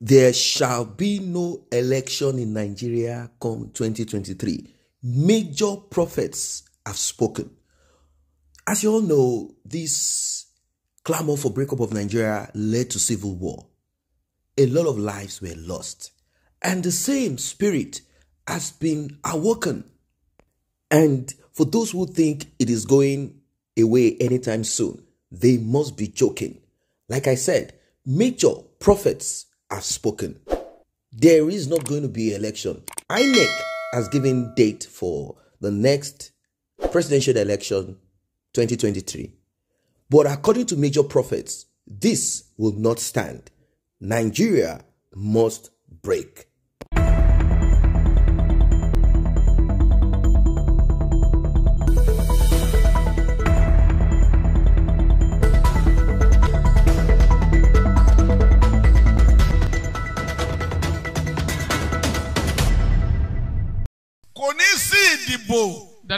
there shall be no election in Nigeria come 2023. Major prophets have spoken. As you all know, this clamor for breakup of Nigeria led to civil war. A lot of lives were lost. And the same spirit has been awoken. And for those who think it is going away anytime soon, they must be joking. Like I said, major prophets has spoken. There is not going to be election. INEC has given date for the next presidential election 2023. But according to major prophets, this will not stand. Nigeria must break.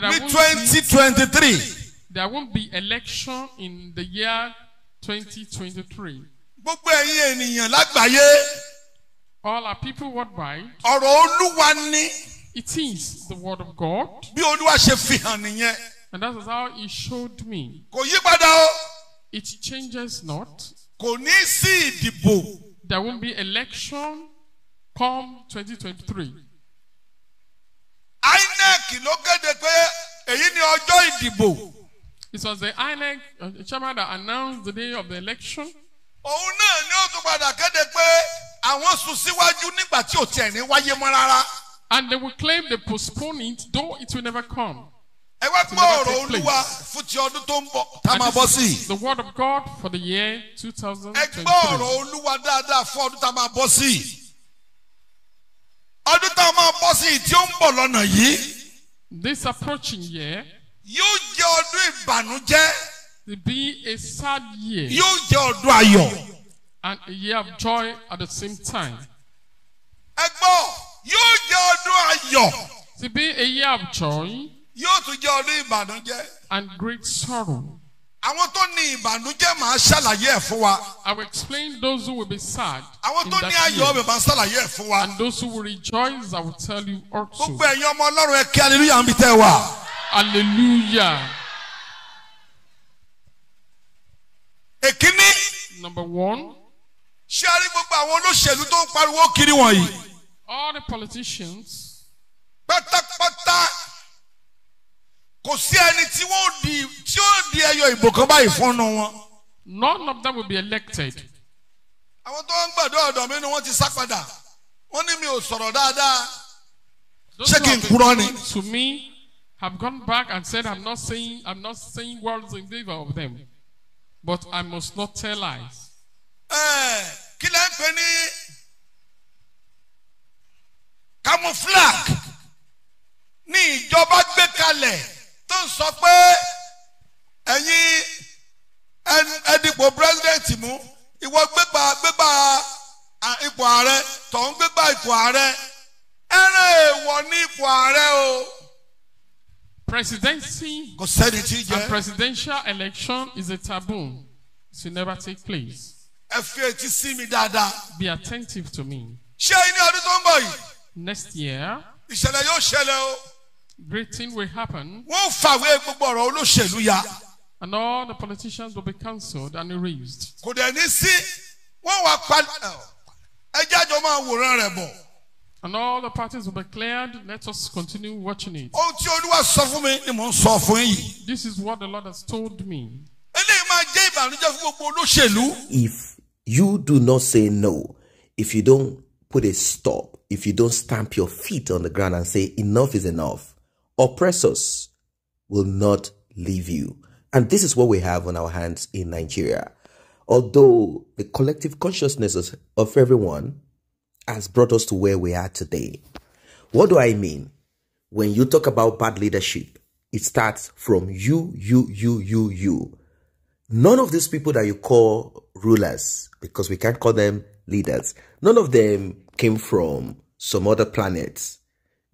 ní twenty twenty three. There won't be election in the year 2023. All our people worldwide. It is the word of God. And that is how he showed me. It changes not. There won't be election come 2023. INEC ló kéde pé èyí ni ọjọ́ ìdìbò. It was the INEC uh, chairman that announced the day of the election. Òun náà ni ó tún padà kéde pé àwọn sún síwájú nígbà tí ò tiẹ̀ ní wáyé mọ́ rárá. And they will claim they postpone it though it will never come. Ẹ wá gbọ́ ọ̀rọ̀ Olúwa fún ti ọdún tó ń bọ̀ tá a máa bọ́ sí. And the word of God for the year two thousand twenty-three. Ẹ gbọ́ ọ̀rọ̀ Olúwa dáadáa fún ọdún tá a máa bọ́ sí ọdún tá a máa bọ́ sí i tí ó ń bọ̀ lọ́nà yìí. this approaching year. yóò jẹ́ ọdún ìbànújẹ́. to be a sad year. yóò jẹ́ ọdún ayọ̀. and a year of joy at the same time. ẹ gbọ́ yóò jẹ́ ọdún ayọ̀. to be a year of joy. yóò tún jẹ́ ọdún ìbànújẹ́. and great sorrow. Àwọn tó ní ìbànújẹ́ máa ṣàlàyé ẹ̀ fún wa. I will explain those who will be sad. Àwọn tó ní ayọ̀ ọbẹ̀ máa ṣàlàyé ẹ̀ fún wa. And those who will rejoice I will tell you also. Gbogbo ẹ̀yin ọmọ Ọlọ́run ẹ kí hallelujah ń bi tẹ́ wà. Hallelujah. Èkíní. Number one. Ṣé a rí gbogbo àwọn olóṣèlú tó ń pariwo kiri wọ̀nyí? All the politicians. Pátápátá kò sí ẹni tí wọ́n di tí ó di ẹyọ ìbò kan báyìí fún wọn. none of them will be elected. àwọn tó ń gbàdúrà ọ̀dọ̀ mi ni wọ́n ti sá padà wọ́n ní mi ò sọ̀rọ̀ dáadáa ṣé kí n kúrọ́ ni. to me have gone back and said i'm not saying i'm not saying words in favour of them but i must not tell lies. ẹ kí lẹ́ ń pè ní camouflage ní ìjọba gbé kalẹ̀ tó ń sọ pé ẹ̀yin ẹdìpọ̀ president mú ìwọ gbégbá gbégbá ipò ààrẹ tọ̀hún gbégbá ipò ààrẹ ẹran èèwọ̀ ní ipò ààrẹ o. Presidency and presidential election is a taboo. It will never take place. Be attentive to me. Next year. Great thing will happen. And all the politicians will be cancelled and erased. Kò dẹ̀ ní sí And all the parties will be cleared. Let us continue watching it. This is what the Lord has told me. If you do not say no, if you don't put a stop, if you don't stamp your feet on the ground and say enough is enough, Oppressors will not leave you. And this is what we have on our hands in Nigeria. Although the collective consciousness of everyone has brought us to where we are today. What do I mean? When you talk about bad leadership, it starts from you, you, you, you, you. None of these people that you call rulers, because we can't call them leaders, none of them came from some other planets.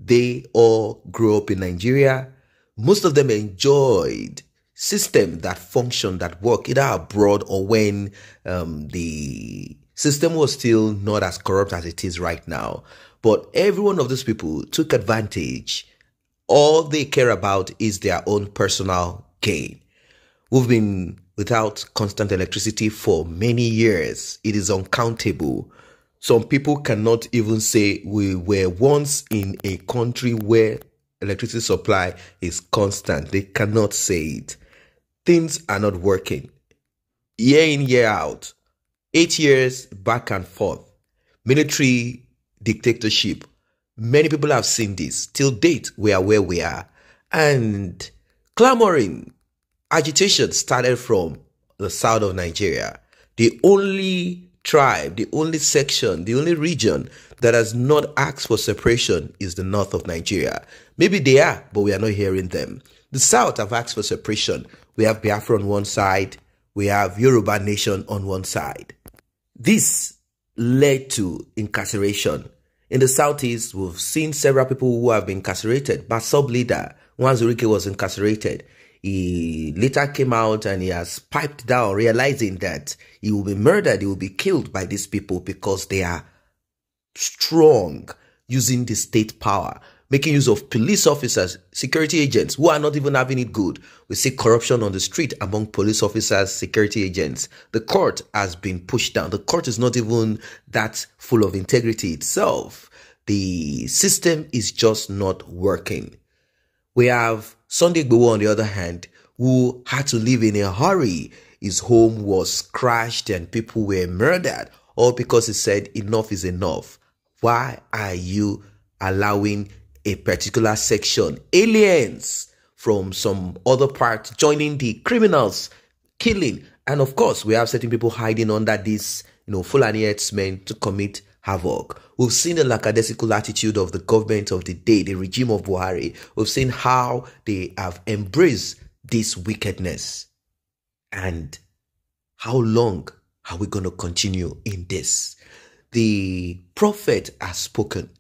They all grew up in Nigeria. Most of them enjoyed system that functioned that worked either abroad or when um, the system was still not as corrupt as it is right now. But every one of those people took advantage. All they care about is their own personal gain. We've been without constant electricity for many years. It is uncountable. Some people cannot even say we were once in a country where electricity supply is constant. They cannot say it. Things are not working. Year in, year out, eight years back and forth, military dictatorship. Many people have seen this. Till date, we are where we are. And clamoring, agitation started from the south of Nigeria. The only tribe, the only section, the only region that has not asked for separation is the north of Nigeria. Maybe they are, but we are not hearing them. The south have asked for separation. We have Biafra on one side, we have Yoruba nation on one side. This led to incarceration. In the southeast, we've seen several people who have been incarcerated. Basob leader Wanzurike was incarcerated. He later came out and he has piped down, realizing that he will be murdered, he will be killed by these people because they are strong using the state power, making use of police officers, security agents who are not even having it good. We see corruption on the street among police officers, security agents. The court has been pushed down. The court is not even that full of integrity itself. The system is just not working. We have Sunday Igboho, on the other hand, who had to leave in a hurry, his home was crashed and people were murdered, all because he said, Enough is enough. Why are you allowing a particular section, aliens from some other part, joining the criminals, killing? And of course, we have certain people hiding under this, you know, Fulani men to commit havoc. We've seen the lackadaisical attitude of the government of the day, the regime of Buhari. We've seen how they have embraced this wickedness. And how long are we going to continue in this? The prophet has spoken.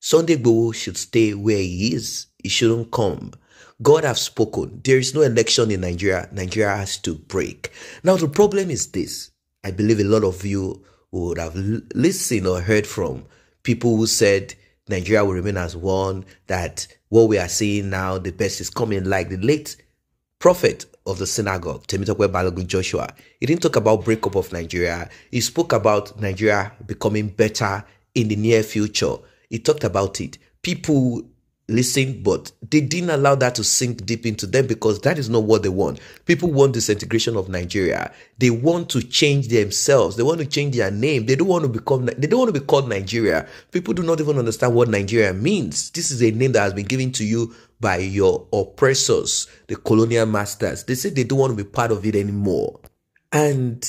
Sunday Gbowo should stay where he is. He shouldn't come. God has spoken. There is no election in Nigeria. Nigeria has to break. Now the problem is this. I believe a lot of you we would have listened or heard from people who said Nigeria will remain as one, that what we are seeing now, the best is coming, like the late prophet of the synagogue, Temitokwe Balogun Joshua. He didn't talk about breakup of Nigeria. He spoke about Nigeria becoming better in the near future. He talked about it. People Listen, but they didn't allow that to sink deep into them because that is not what they want. People want disintegration of Nigeria. They want to change themselves. They want to change their name. They don't want to become. They don't want to be called Nigeria. People do not even understand what Nigeria means. This is a name that has been given to you by your oppressors, the colonial masters. They say they don't want to be part of it anymore. And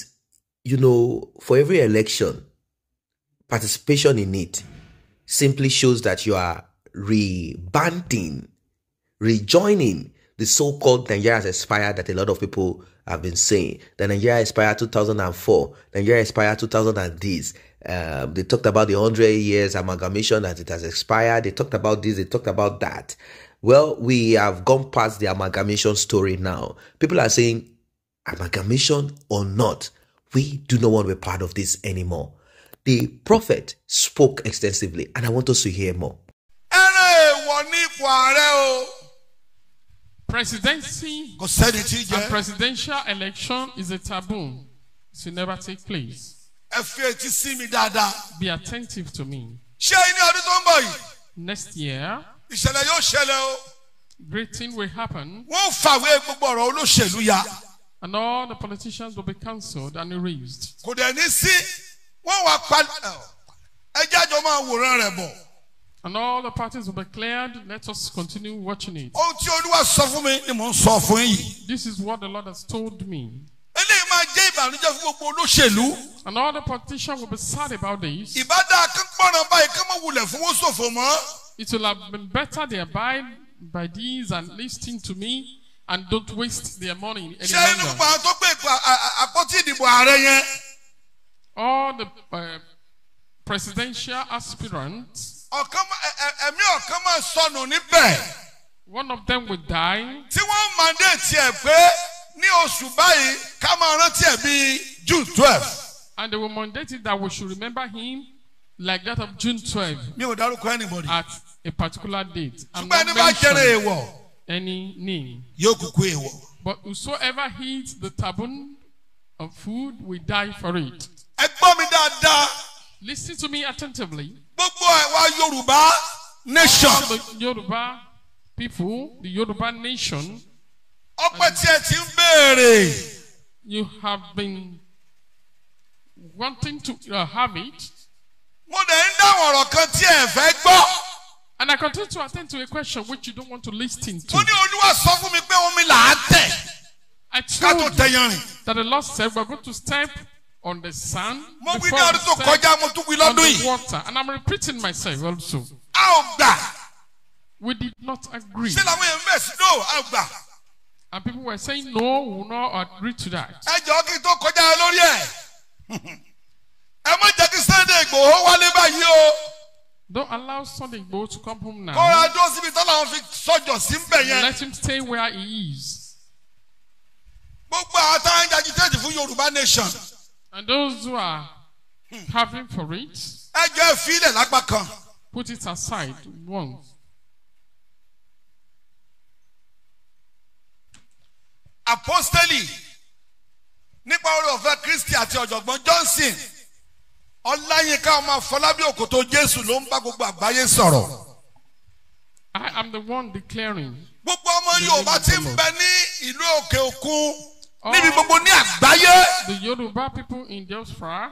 you know, for every election, participation in it simply shows that you are rebanding, rejoining the so-called Nigeria has expired that a lot of people have been saying. The Nigeria expired 2004. Nigeria expired 2000 and this. Um, they talked about the 100 years amalgamation that it has expired. They talked about this. They talked about that. Well, we have gone past the amalgamation story now. People are saying, amalgamation or not, we do not want to be part of this anymore. The prophet spoke extensively, and I want us to hear more. ipò ààrẹ o. Presidency kò and presidential election is a taboo to never take place. Ẹ fi etí sí mi dáadáa. Be attentive to me. Ṣé ní ọdún tó ń bọ̀ yìí? Next year. Ìṣẹ̀lẹ̀ yóò ṣẹlẹ̀ o. Great thing will happen. Wọ́n fàwé gbogbo ọ̀rọ̀ olóṣèlú ya. And all the politicians will be cancelled and erased. Kò dẹ̀ ní sí, wọ́n wá pa ẹjẹ́ àjọ máa wòran rẹ̀ bọ̀. And all the parties will be cleared. Let us continue watching it. This is what the Lord has told me. And all the politicians will be sad about this. It will have been better they abide by these and listen to me and don't waste their money any All the uh, presidential aspirants. ẹ̀mí ọ̀kan máa sọnù níbẹ̀. one of them will die. tí wọ́n mandate ẹ̀ pé ní oṣù báyìí ká máa rántí ẹ̀ bíi June twelve. and they were mandated that we should remember him like that of June twelve. mi ò dárúkọ anybody. at a particular date. ṣùgbọ́n ẹni bá jẹrẹ èèwọ̀. ẹni ní. yóò kúkú èèwọ̀. but whosoever eats the tabun of food will die for it. ẹ gbọ́ mi dáadáa. Listen to me attentively. Gbogbo àwa Yorùbá nation. The Yorùbá people, the Yorùbá nation. Ọpẹ́ tí ẹ ti ń béèrè. You have been wanting to uh, have it. Mo dẹ̀ ń ọ̀rọ̀ kan tí ẹ fẹ́ gbọ́. And I continue to attend to a question which you don't want to listen to. Mo ní Olúwa sọ fún mi pé omi là á tẹ̀. I told you that the Lord said we are going to step on the sun, mo wí ní ọdún tó kọjá mo tún wí lọ́dún yìí. on the water and I'm repeating myself also. a ò gbà. We did not agree. ṣé làwọn èèyàn bẹ̀ sí no a ò gbà. And people were saying no we will not agree to that. ẹ jọ̀ọ́ kí n tó kọjá lórí ẹ̀. ẹ má jẹ́ kí Sunday Igboho wálé báyìí o. Don't allow Sunday Igboho to come home now. Kọ́ra dúró síbi tọ́lá wọn fi sọ́jọ́ sí ń bẹ̀ yẹn. Let him stay where he is. Gbogbo àwọn táwọn ń jẹ́ agitate fún Yorùbá nation. And those who are having for it. Put it aside once. Apostoli nípa oore ọ̀fẹ́ Kristi àti ọ̀jọ̀gbọ́n Johnson Ọláyínká ọmọ Afọlábí Òkòtó Jésù ló ń bá gbogbo àgbáyé sọ̀rọ̀. I am the one declaring. Gbogbo ọmọ Yorùbá ti ń bẹ ní ìlú òkè òkun níbi gbogbo ní àgbáyé. the Yoruba people in diaspora.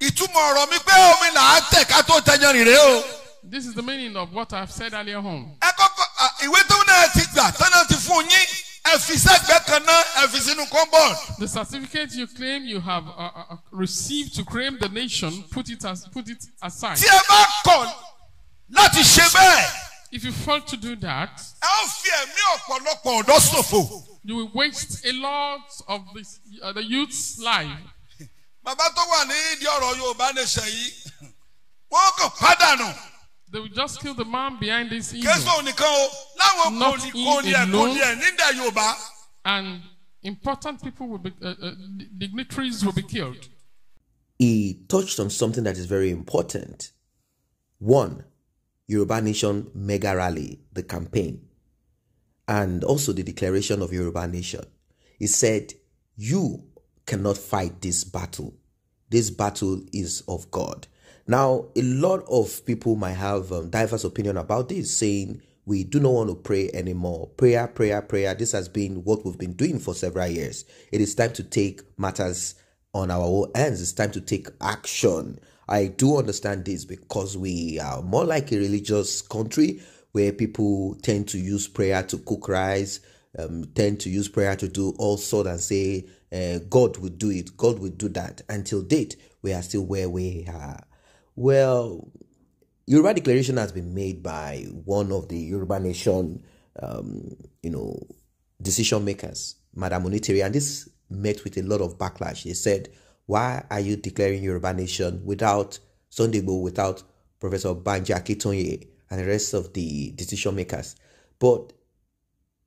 ìtumọ̀ ọ̀rọ̀ mi pé omi là á tẹ̀ ká tó tẹyàn rèé o. this is the meaning of what I have said earlier on. ẹ kọ́kọ́ ìwé tó náà ti gbà tó ti fún yín ẹ fi sẹ́gbẹ́ kan náà ẹ fi sínú compound. the certificate you claim you have uh, uh, uh received to claim the nation put it, as, put it aside. tí ẹ bá kọ̀ láti ṣe bẹ́ẹ̀. If you fail to do that, you will waste a lot of this, uh, the youth's life. They will just kill the man behind this evil. Not alone. And important people will be, uh, uh, dignitaries will be killed. He touched on something that is very important. One, Yoruba Nation Mega Rally, the campaign, and also the declaration of Yoruba Nation. He said, You cannot fight this battle. This battle is of God. Now, a lot of people might have um, diverse opinion about this, saying we do not want to pray anymore. Prayer, prayer, prayer. This has been what we've been doing for several years. It is time to take matters on our own hands. It's time to take action. I do understand this because we are more like a religious country where people tend to use prayer to cook rice, um, tend to use prayer to do all sorts and say, uh, God will do it, God will do that. Until date, we are still where we are. Well, Yoruba declaration has been made by one of the Yoruba nation, um, you know, decision makers, Madam Onitiri, and this met with a lot of backlash. They said, why are you declaring Yoruba nation without Sunday without Professor Banji Akintoye and the rest of the decision makers? But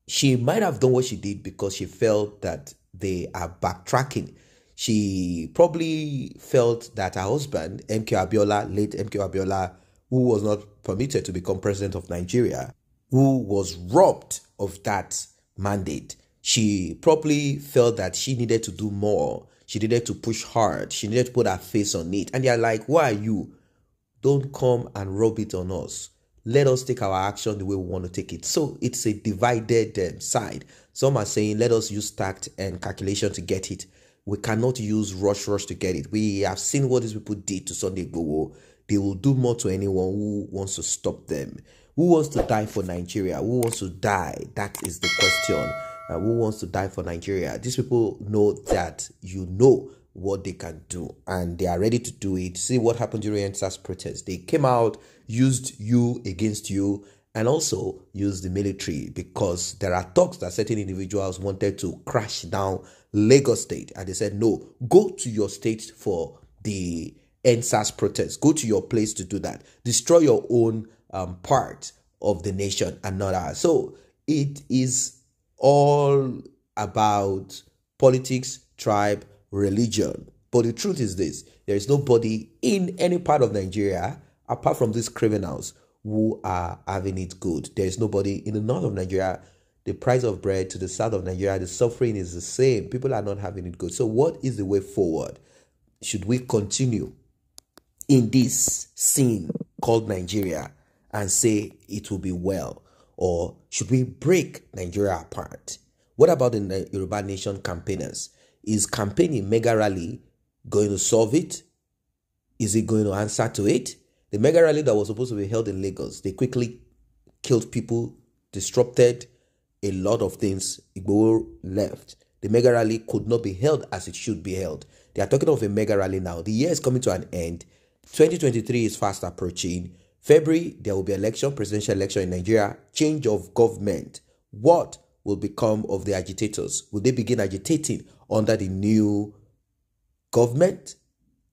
she might have done what she did because she felt that they are backtracking. She probably felt that her husband, MK Abiola, late MK Abiola, who was not permitted to become president of Nigeria, who was robbed of that mandate, she probably felt that she needed to do more she needed to push hard. She needed to put her face on it. And they're like, why are you? Don't come and rub it on us. Let us take our action the way we want to take it. So it's a divided um, side. Some are saying, let us use tact and calculation to get it. We cannot use rush, rush to get it. We have seen what these people did to Sunday Gowo. They will do more to anyone who wants to stop them. Who wants to die for Nigeria? Who wants to die? That is the question uh, who wants to die for Nigeria. These people know that you know what they can do and they are ready to do it. See what happened during EnSas protest. They came out, used you against you, and also used the military because there are talks that certain individuals wanted to crash down Lagos State. And they said, no, go to your state for the NSAS protest. Go to your place to do that. Destroy your own um, part of the nation and not ours. So it is all about politics, tribe, religion. But the truth is this there is nobody in any part of Nigeria, apart from these criminals, who are having it good. There is nobody in the north of Nigeria. The price of bread to the south of Nigeria, the suffering is the same. People are not having it good. So, what is the way forward? Should we continue in this scene called Nigeria and say it will be well? or should we break Nigeria apart? What about the Yoruba Nation campaigners? Is campaigning mega rally going to solve it? Is it going to answer to it? The mega rally that was supposed to be held in Lagos, they quickly killed people, disrupted a lot of things. Igbo left. The mega rally could not be held as it should be held. They are talking of a mega rally now. The year is coming to an end. 2023 is fast approaching. February, there will be election, presidential election in Nigeria, change of government. What will become of the agitators? Will they begin agitating under the new government?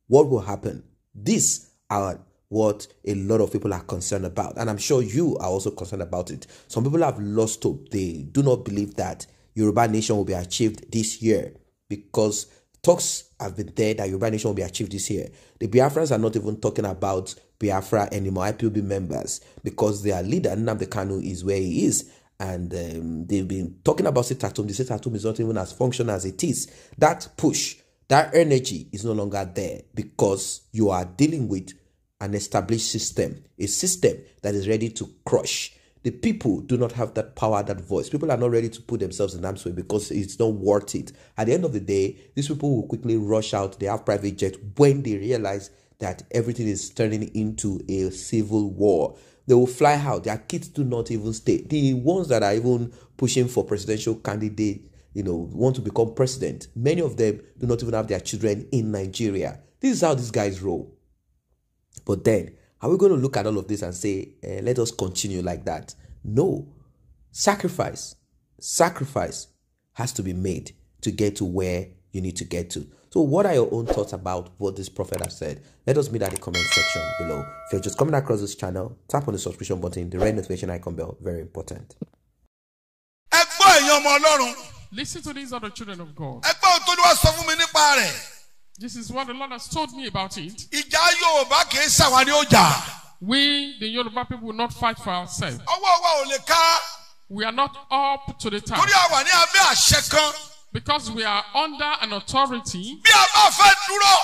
What will happen? These are what a lot of people are concerned about. And I'm sure you are also concerned about it. Some people have lost hope. They do not believe that Yoruba nation will be achieved this year because talks have been there that Yoruba nation will be achieved this year. The Biafrans are not even talking about Biafra and the IPOB members because their leader, Nnamdi Kanu, is where he is. And um, they've been talking about Sitatum. The Sitatum is not even as functional as it is. That push, that energy is no longer there because you are dealing with an established system, a system that is ready to crush. The people do not have that power, that voice. People are not ready to put themselves in harm's way because it's not worth it. At the end of the day, these people will quickly rush out. They have private jets when they realize that everything is turning into a civil war. They will fly out. Their kids do not even stay. The ones that are even pushing for presidential candidate, you know, want to become president, many of them do not even have their children in Nigeria. This is how these guys roll. But then, are we going to look at all of this and say, eh, let us continue like that? No. Sacrifice, sacrifice has to be made to get to where you need to get to. So, what are your own thoughts about what this prophet has said? Let us meet at the comment section below. If you're just coming across this channel, tap on the subscription button, the red notification icon bell, very important. Listen to these other children of God. This is what the Lord has told me about it. We, the Yoruba people, will not fight for ourselves. We are not up to the task. Because we are under an authority. Bí a bá fẹ́ dúró.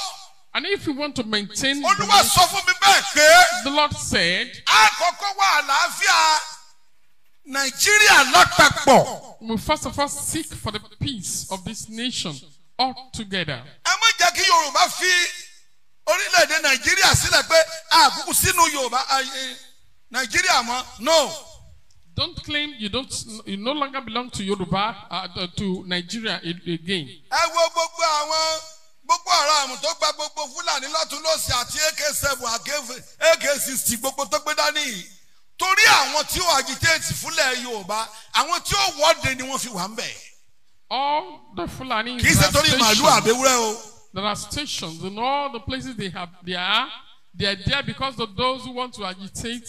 And if you want to maintain. Olúwa sọ fún mi bẹ́ẹ̀ pé. The Lord said. Àkọ́kọ́ wà àlàáfíà Nàìjíríà lápapọ̀. We first of all seek for the peace of this nation altogether. Ẹ má jẹ́ kí Yorùbá fi orílẹ̀-èdè Nàìjíríà sílẹ̀ pé àkókò sínú Yorùbá Nàìjíríà mọ́. No. Don't claim you don't you no longer belong to Yoruba uh, uh to Nigeria again. Ẹ wo gbogbo àwọn gbogbo ọ̀rọ̀ àmù tó gba gbogbo Fúlàní lọ́tún àti AK seven AK sixty gbogbo tó gbé dání yìí. Torí àwọn tí ó agitate fúlẹ̀ Yorùbá, àwọn tí ó wọ́de ni wọ́n fi wà ń bẹ̀. All the Fulani. Kì í ṣe torí màálù àbẹ̀wúrẹ́ o. There are stations in all the places they have they are they are there because of those who want to agitate.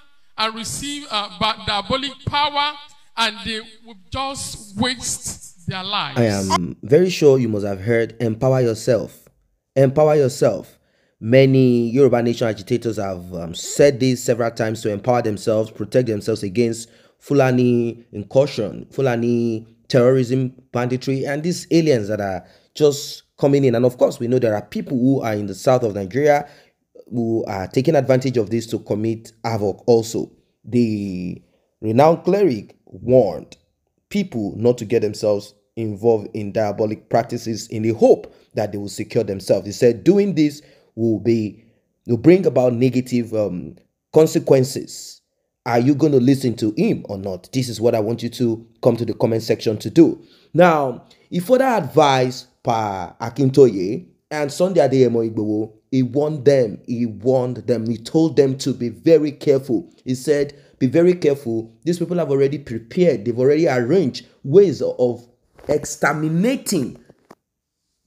and receive uh, diabolic power and they will just waste their lives. I am very sure you must have heard empower yourself. Empower yourself. Many Yoruba Nation agitators have um, said this several times to empower themselves, protect themselves against Fulani incursion, Fulani terrorism, banditry, and these aliens that are just coming in. And of course, we know there are people who are in the south of Nigeria who are taking advantage of this to commit havoc also. The renowned cleric warned people not to get themselves involved in diabolic practices in the hope that they will secure themselves. He said doing this will be will bring about negative um, consequences. Are you going to listen to him or not? This is what I want you to come to the comment section to do. Now, if further advice Pa Akintoye and Sunday Adeyemo He warned them. He warned them. He told them to be very careful. He said, Be very careful. These people have already prepared, they've already arranged ways of exterminating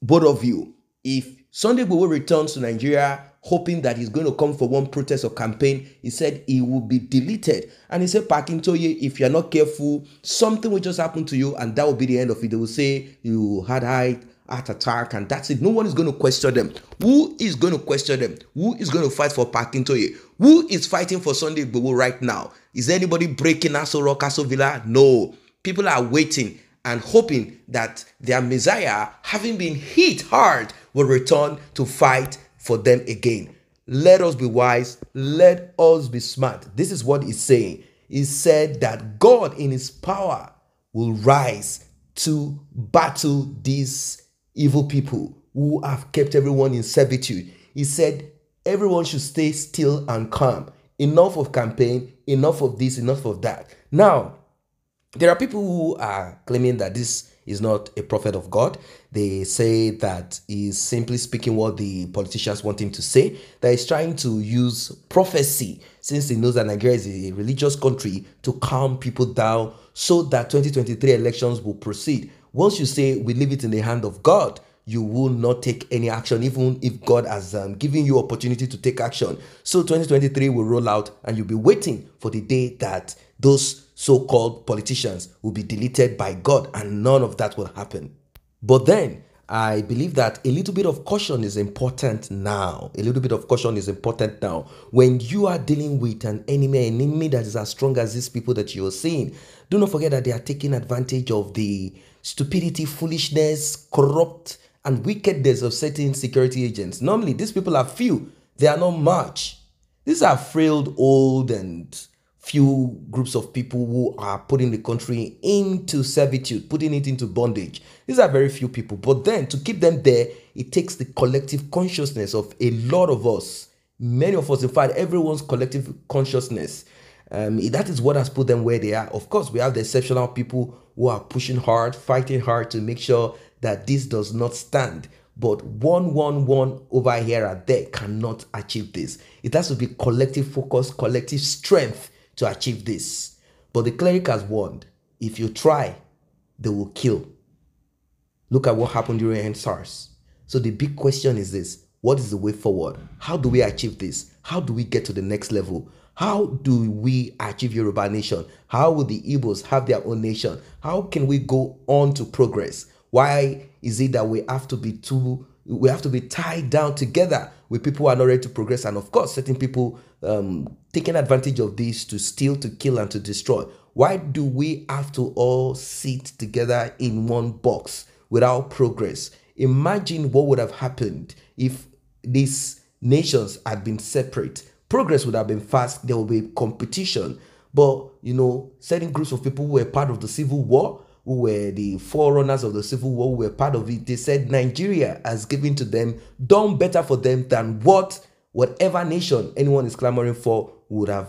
both of you. If Sunday Bowo returns to Nigeria, hoping that he's going to come for one protest or campaign, he said he will be deleted. And he said, to you, if you're not careful, something will just happen to you, and that will be the end of it. They will say you had height at attack, and that's it. No one is going to question them. Who is going to question them? Who is going to fight for Pakintoye? Who is fighting for Sunday Igboho right now? Is anybody breaking Aso Rock, Aso Villa? No. People are waiting and hoping that their Messiah, having been hit hard, will return to fight for them again. Let us be wise. Let us be smart. This is what he's saying. He said that God in his power will rise to battle this evil people who have kept everyone in servitude. He said, everyone should stay still and calm. Enough of campaign, enough of this, enough of that. Now, there are people who are claiming that this is not a prophet of God. They say that he's simply speaking what the politicians want him to say, that he's trying to use prophecy, since he knows that Nigeria is a religious country, to calm people down so that 2023 elections will proceed once you say, we leave it in the hand of God, you will not take any action, even if God has um, given you opportunity to take action. So 2023 will roll out and you'll be waiting for the day that those so-called politicians will be deleted by God and none of that will happen. But then, I believe that a little bit of caution is important now. A little bit of caution is important now. When you are dealing with an enemy, an enemy that is as strong as these people that you're seeing, do not forget that they are taking advantage of the stupidity, foolishness, corrupt, and wickedness of certain security agents. Normally, these people are few, they are not much. These are frail, old, and few groups of people who are putting the country into servitude, putting it into bondage. These are very few people. But then to keep them there, it takes the collective consciousness of a lot of us. Many of us, in fact, everyone's collective consciousness um, that is what has put them where they are. Of course, we have the exceptional people who are pushing hard, fighting hard to make sure that this does not stand. But 111 over here and there cannot achieve this. It has to be collective focus, collective strength to achieve this. But the cleric has warned if you try, they will kill. Look at what happened during NSARS. So the big question is this what is the way forward? How do we achieve this? How do we get to the next level? How do we achieve Yoruba nation? How will the Igbos have their own nation? How can we go on to progress? Why is it that we have to be too we have to be tied down together with people who are not ready to progress and of course certain people um, taking advantage of this to steal to kill and to destroy why do we have to all sit together in one box without progress imagine what would have happened if these nations had been separate progress would have been fast. There would be competition. But, you know, certain groups of people who were part of the civil war, who were the forerunners of the civil war, who were part of it, they said Nigeria has given to them, done better for them than what whatever nation anyone is clamoring for would have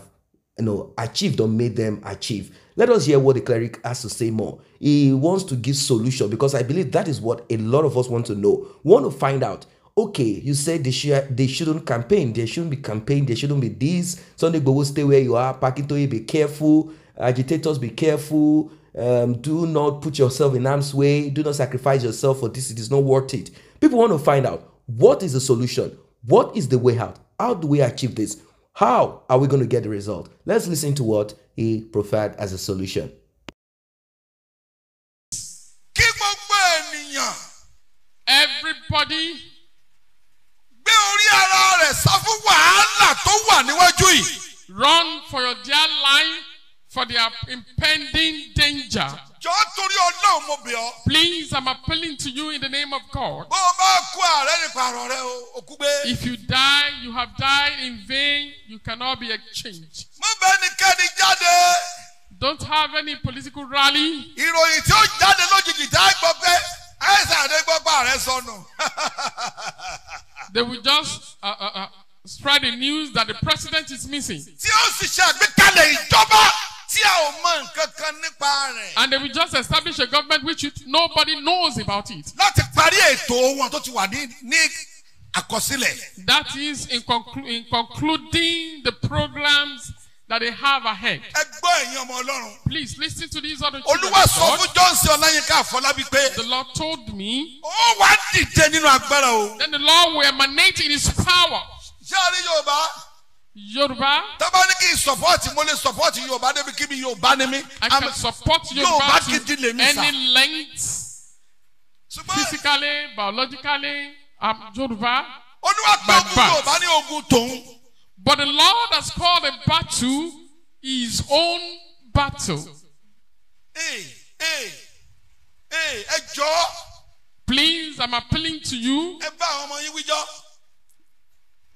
you know, achieved or made them achieve. Let us hear what the cleric has to say more. He wants to give solution because I believe that is what a lot of us want to know. We want to find out okay, you said they, should, they shouldn't campaign, there shouldn't be campaign, there shouldn't be this. Sunday will stay where you are, Pakintoye, be careful, agitators, be careful, um, do not put yourself in harm's way, do not sacrifice yourself for this, it is not worth it. People want to find out what is the solution, what is the way out, how do we achieve this, how are we going to get the result? Let's listen to what he preferred as a solution. Everybody níwájú yìí. Run for your dear life for their impending danger. Jọ̀ọ́ torí Ọlọ́run mo bẹ̀ ọ́. Please, I'm appealing to you in the name of God. Bó o bá kú ààrẹ nípa àrọ̀ rẹ o, òkú gbé. If you die, you have died in vain, you cannot be exchanged. Má bẹ́ẹ̀ ni jáde. Don't have any political rally. Ìròyìn tí ó jáde lójijì dá pé ẹ̀sán àdégbọ́gbà rẹ̀ sọnù. They will just. Uh, uh, uh, spread the news that the president is missing. tí ó sì ṣe àgbékalẹ̀ ìjọba tí a ò mọ nǹkan kan nípa rẹ̀. and they will just establish a government which nobody knows about it. láti parí ètò wọn tó ti wà ní ní àkọsílẹ̀. that is in, conclu in concluding the programs that they have ahead. ẹ ẹ̀yin ọmọ ọlọ́run. please lis ten to these other children. olúwa sọ fún johnson ọláyínká àfọlábí pé. the lord told me. ó wá dìde nínú agbára o. then the lord will emanate in his power ṣé a rí yorùbá. yorùbá. tábà ní kí n sọpọ́ọ̀tì mo lè sọpọ́ọ̀tì yorùbá débi kí mi yorùbá ni mí. i can support yorùbá to any length physically biologically i'm yorùbá. olúwa pé ogun yorùbá ní ogun tòun. But the Lord has called a battle his own battle. Hey, hey, hey, Please, I'm appealing to you.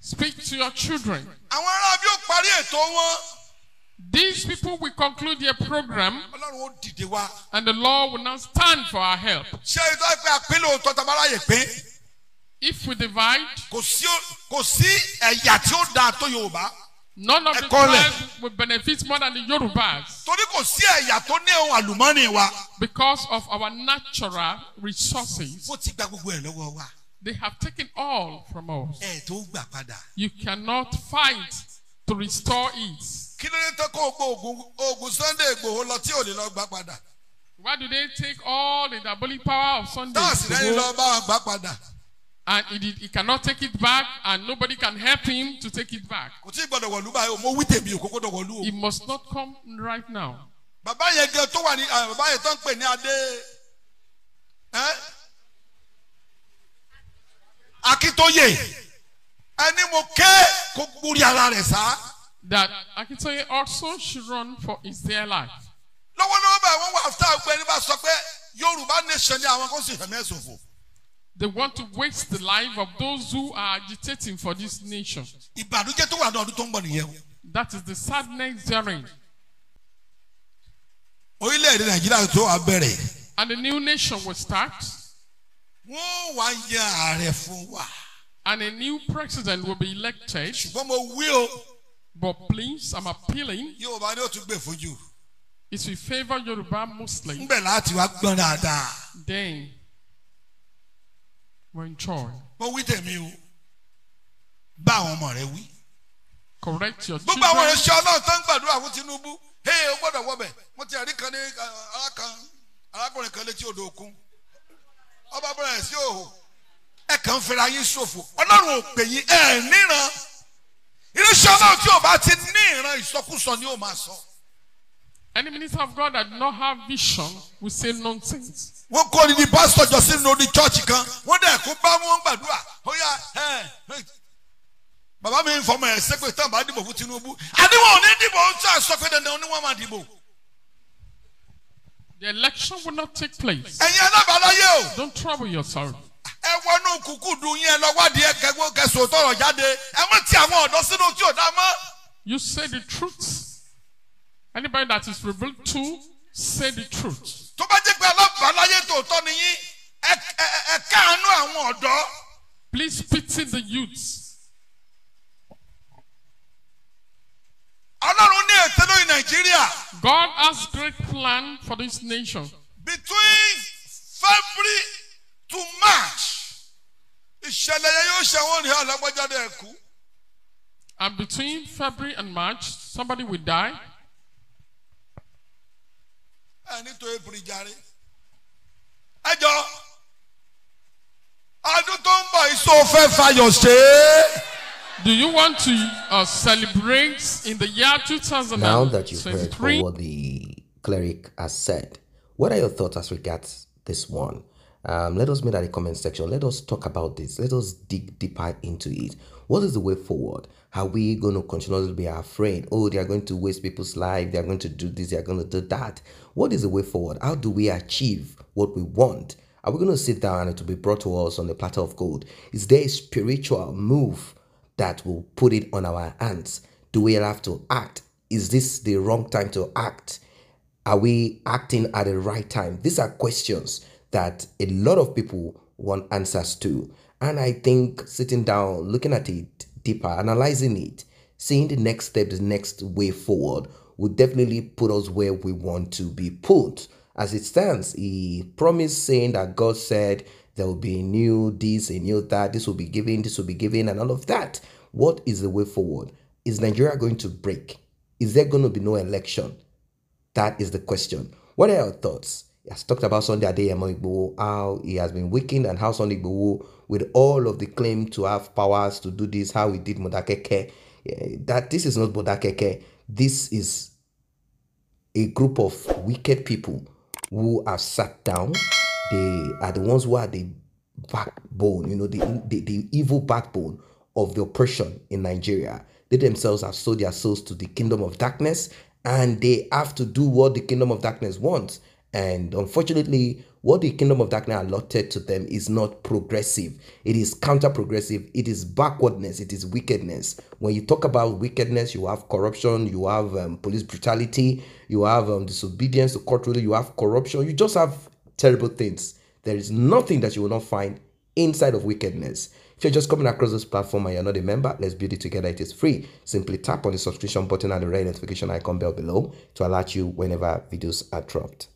Speak to your children. Àwọn ará bí ó parí ètò wọn. These people will conclude their program. Ọlọ́run ó dìde wá. And the Lord will now stand for our help. Ṣé ìtọ́ ìpè àpélò òótọ́ tá a pé? If we divide. Kò sí kò sí ẹ̀yà tí ó dáa tó Yorùbá. None of the tribes will benefit more than the Yorubas. Torí kò sí ẹ̀yà tó ní ohun àlùmọ́nì wa. Because of our natural resources. Ó ti gba gbogbo ẹ̀ lọ́wọ́ wa. They have taken all from us. You cannot fight to restore it. Why do they take all the diabolic power of Sunday? Táàsì lẹ́yìn lọ And he, did, he cannot take it back and nobody can help him to take it back. He must not come right now. Akíntóyè ẹni mo ké kó gbórí ara rẹ̀ sá. That Akintoye also should run for his dear life. Lọ́wọ́lọ́wọ́ báyìí wọ́n wà after ọgbẹ́ ẹni sọ pé Yorùbá nation ni àwọn kan sì fẹ̀mí ẹ̀sùn fò. They want to waste the life of those who are agitating for this nation. Ìbànújẹ́ tó wà ní ọdún tó ń bọ̀ nìyẹn o. That is the sadness therein. Orílẹ̀-èdè Nàìjíríà tó wà bẹ̀rẹ̀. And a new nation will start. And a new president will be elected. But please, I'm appealing. Yorùbá ni ó If we favour Yoruba Muslims. Then we're in Correct your children. Gbogbo àwọn ìṣe Ọlọ́run tó ń gbàdúrà fún ọba bẹ̀rẹ̀ sí òhò ẹ kàn ń yín ṣòfò ọlọ́run ò pè yín ẹ níran iléeṣẹ́ ọlọ́run tí ò bá ti ní ìran ìsọkúsọ ni ó máa sọ. Any minister of God that do not have vision will say nonsense. Wọ́n kó ni di pásítọ̀ jọ sínú odi chọ́ọ̀chì kan, wọ́n dẹ̀ kó bá wọn gbàdúrà, ó yá ẹ̀ bàbá mi ń fọmọ ẹ̀ ṣépè tán bá dìbò fún Tinubu. Àdìwọ̀n ò ní dìbò, ó ń sọ àṣọ pé dandan ó ní wọ́n máa dìbò. The election will not take place. Don't trouble yourself. Ẹ wọnú kúkúdù yín lọ ẹ kẹgbó kẹsùn tọrọ jáde. Ẹ mọ̀ tí àwọn ọ̀dọ́ sínú tí ò mọ́. You say the truth. Anybody that is revealed to say the truth. Tó bá jẹ́ pé alábàáláyé tòótọ́ ni yín, ẹ káàánú àwọn ọ̀dọ́. Please pity the youths. Ọlọ́run ní ètò lórí Nàìjíríà. God has great plan for this nation. Between February to March, ìṣẹ̀lẹ̀ yẹn yóò ṣe àwọn ènìyàn alágbájáde ẹ̀kú. And between February and March, somebody will die. Ẹ nítorí April jàre. Ẹ jọ, ọdún tó ń bọ̀ ìṣó fẹ́ fayọ̀ ṣe é. Do you want to uh, celebrate in the year 2000? Now that you've heard what the cleric has said, what are your thoughts as regards this one? Um, let us meet at the comment section. Let us talk about this. Let us dig deeper into it. What is the way forward? Are we going to continually be afraid? Oh, they are going to waste people's lives. They are going to do this. They are going to do that. What is the way forward? How do we achieve what we want? Are we going to sit down and to be brought to us on the platter of gold? Is there a spiritual move? that will put it on our hands. Do we have to act? Is this the wrong time to act? Are we acting at the right time? These are questions that a lot of people want answers to. And I think sitting down, looking at it deeper, analyzing it, seeing the next step, the next way forward, will definitely put us where we want to be put. As it stands, he promised saying that God said, there will be a new this, a new that, this will be given, this will be given, and all of that. What is the way forward? Is Nigeria going to break? Is there going to be no election? That is the question. What are your thoughts? He has talked about Sunday Adeyemo Igbowo, how he has been weakened and how Sunday Igbowo, with all of the claim to have powers to do this, how he did Modakeke, that this is not Modakeke. This is a group of wicked people who have sat down they are the ones who are the backbone, you know, the, the, the evil backbone of the oppression in Nigeria. They themselves have sold their souls to the kingdom of darkness and they have to do what the kingdom of darkness wants. And unfortunately, what the kingdom of darkness allotted to them is not progressive. It is counter progressive. It is backwardness. It is wickedness. When you talk about wickedness, you have corruption, you have um, police brutality, you have um, disobedience to court ruling. you have corruption, you just have terrible things. There is nothing that you will not find inside of wickedness. If you're just coming across this platform and you're not a member, let's build it together. It is free. Simply tap on the subscription button and the red notification icon bell below to alert you whenever videos are dropped.